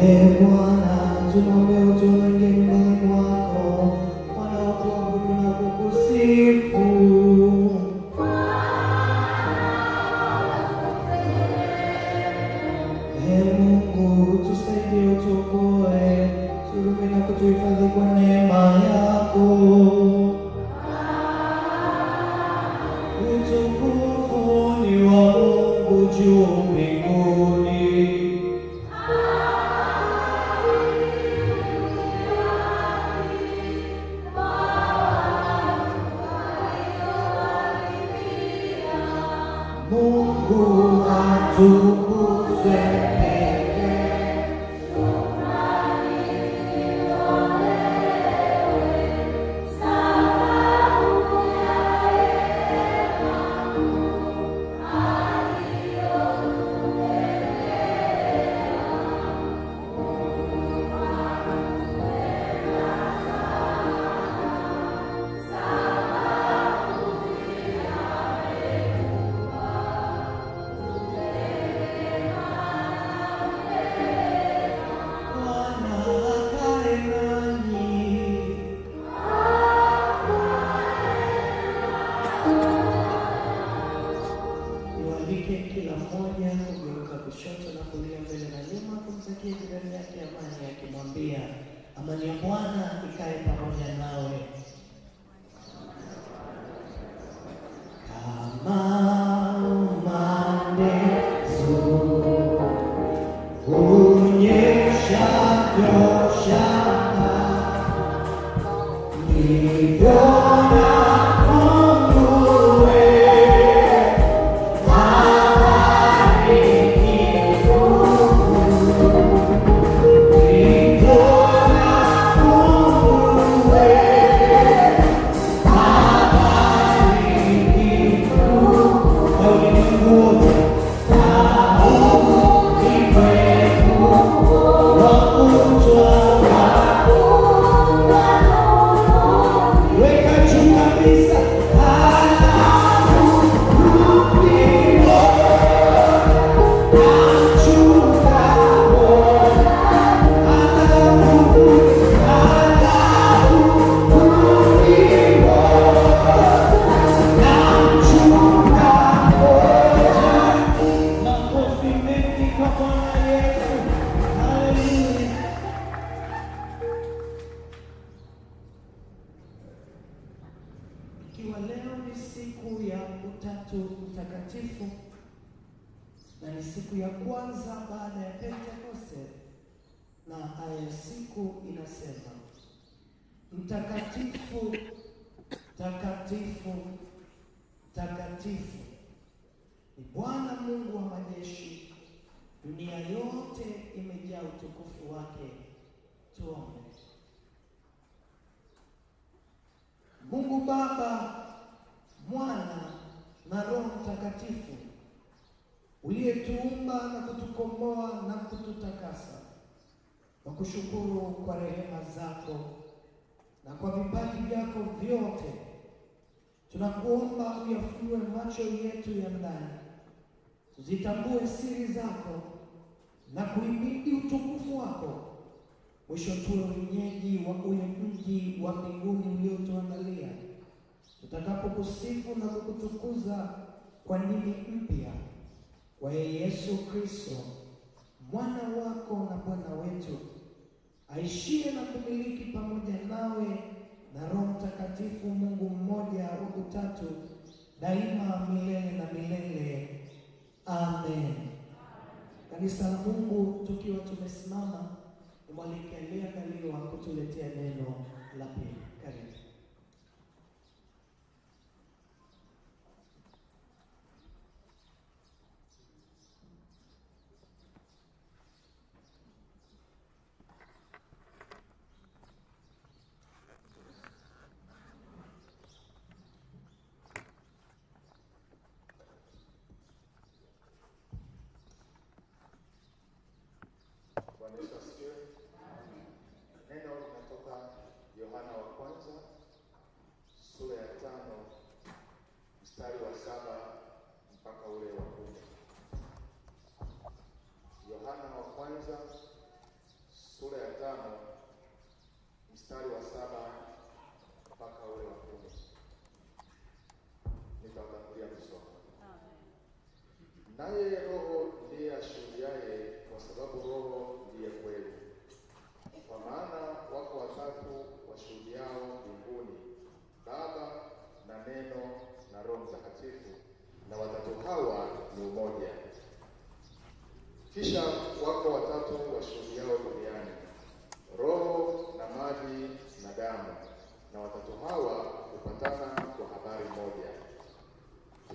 내 원한 주로 배워주는 길 Mungu atukuze. kila mmoja kugeuka kushoto na kulia, mbele na nyuma, kumtakia jirani yake amani, akimwambia amani ya Bwana ikae pamoja nawe. ikiwa leo ni siku ya Utatu Mtakatifu na ni siku ya kwanza baada ya Pentekoste, na aya ya siku inasema mtakatifu, takatifu, takatifu ni Bwana Mungu wa majeshi, dunia yote imejaa utukufu wake. Tuombe. Mungu Baba, Mwana na Roho Mtakatifu, uliyetuumba na kutukomboa na kututakasa, kwa kushukuru kwa rehema zako na kwa vipaji vyako vyote, tunakuomba uyafunue macho yetu ya ndani, tuzitambue siri zako na kuimidi utukufu wako mwisho tuwe wenyeji wa ule mji wa mbinguni uliotuandalia, tutakapokusifu na kukutukuza kwa nini mpya kwa Yesu Kristo mwana wako na Bwana wetu, aishie na kumiliki pamoja nawe na Roho Mtakatifu, Mungu mmoja wa utatu, daima milele na milele. Amen. Kanisa la Mungu, tukiwa tumesimama mwalikelia Kaliwa kutuletea neno la pili. Karibu.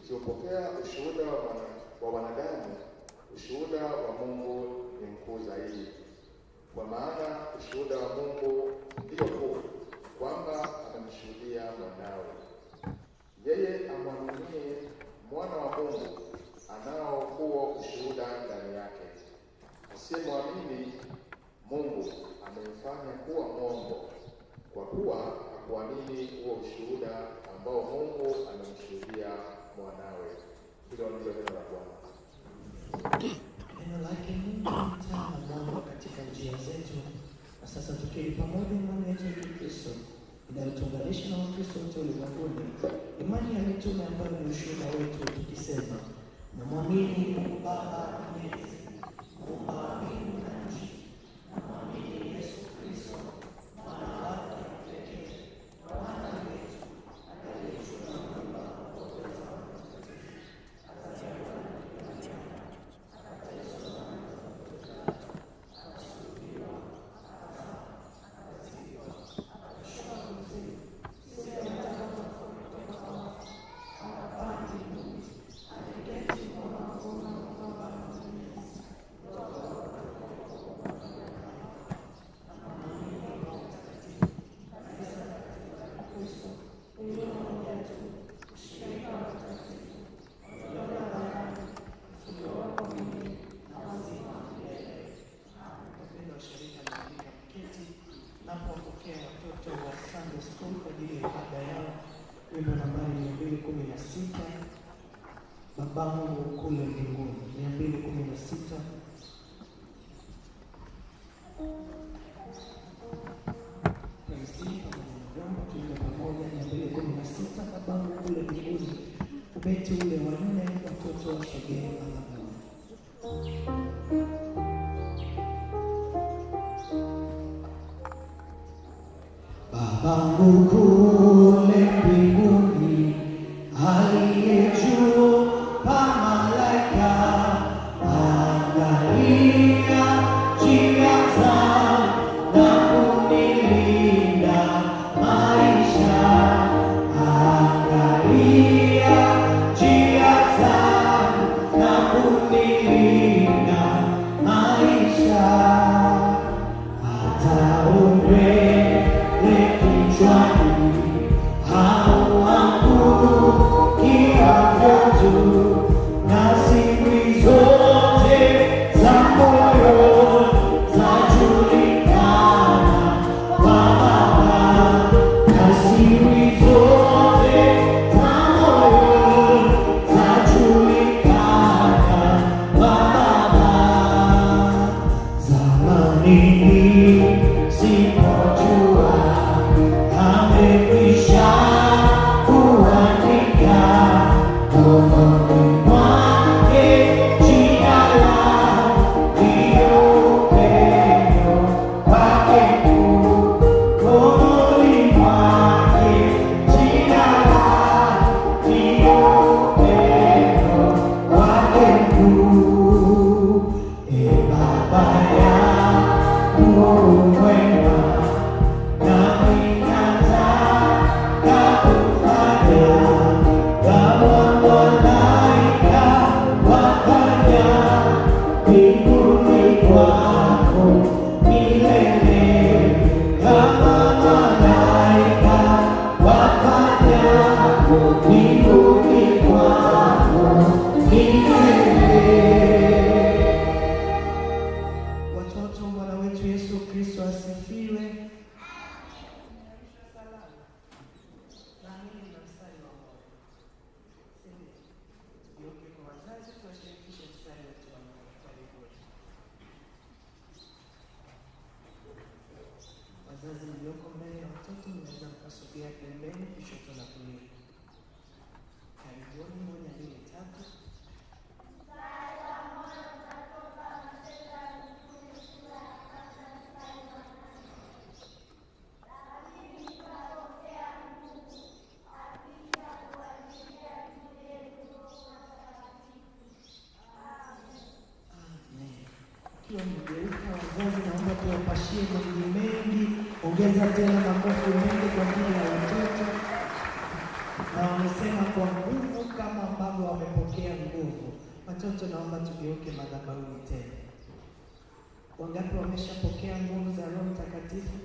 tukiupokea ushuhuda wa wanadamu, ushuhuda wa Mungu ni mkuu zaidi, kwa maana ushuhuda wa Mungu ndio kuu, kwamba amemshuhudia mwanawe. Yeye amwaminie mwana wa Mungu anao huo ushuhuda ndani yake. Asiyemwamini Mungu amemfanya kuwa mwongo, kwa kuwa hakuamini huo ushuhuda ambao Mungu amemshuhudia mwanawe. Hilo ndilo neno la Bwana. Neno eh, lake Mungu mtaa mwanga katika njia zetu, na sasa tukiwa pamoja na Bwana wetu Yesu Kristo inayotuunganisha na Wakristo wote ulimwenguni, imani ya mitume ambayo ni ushuhuda wetu, tukisema namwamini Mungu Baba mwenyezi, Mungu Ubeti ule watoto wasogee Baba mkuu Ongeza tena makofi mengi kwa ajili ya watoto, na wamesema kwa nguvu kama ambavyo wamepokea nguvu. Watoto, naomba tugeuke madhabahuni tena. Wangapi wameshapokea nguvu za Roho Mtakatifu?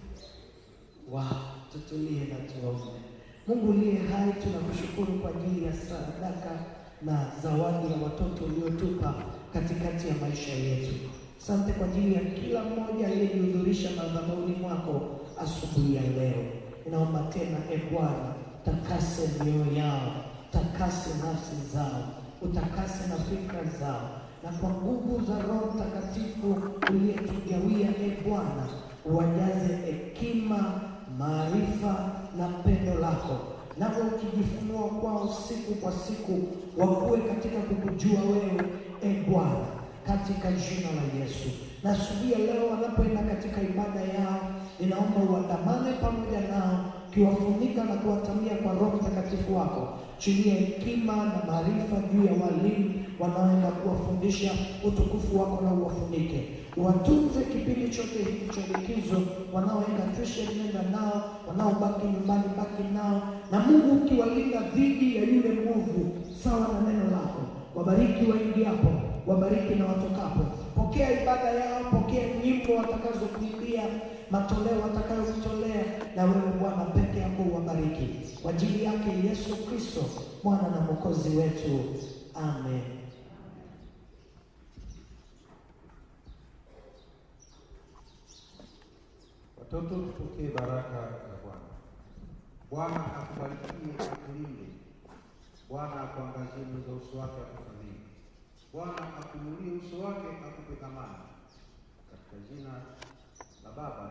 Wow, tutulie na tuombe. Mungu uliye hai, tunakushukuru kwa ajili ya sadaka na zawadi ya watoto uliotupa katikati ya maisha yetu. Asante kwa ajili ya kila mmoja aliyejihudhurisha madhabahuni mwako asubuhi ya leo. Naomba tena e Bwana, takase mioyo yao, takase nafsi zao, utakase na fikra zao, na kwa nguvu za Roho Mtakatifu uliyetugawia e Bwana, uwajaze hekima, maarifa na pendo lako, nao ukijifunua kwao siku kwa siku, wakuwe katika kukujua wewe e Bwana, katika jina la Yesu. Na asubuhi ya leo wanapoenda katika ibada yao Ninaomba uandamane pamoja nao ukiwafunika na kuwatamia kwa Roho Mtakatifu wako chini ya hekima na maarifa juu ya walimu wanaoenda kuwafundisha utukufu wako, na uwafunike watunze kipindi chote hiki cha likizo, wanaoenda tuition nenda nao, wanaobaki nyumbani baki nao, na Mungu ukiwalinda dhidi ya yule mwovu sawa na neno lako. Wabariki waingiapo, wabariki na watokapo Pokea ibada yao, pokea nyimbo watakazokuimbia, matoleo watakayotolea, na wewe Bwana peke yako uwabariki. Kwa ajili yake Yesu Kristo, Bwana na Mwokozi wetu, amen. Watoto, tupokee baraka ya Bwana. Bwana akubarikie, akulinde. Bwana akuangazie nyuso wake Bwana akuinulie uso wake akupe amani. Katika jina la Baba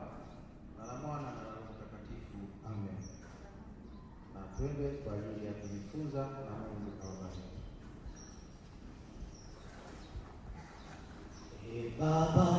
na la Mwana na la Roho Mtakatifu, amen. Na twende kwa ajili ya kujifunza na Mungu awabariki. Hey, ee Baba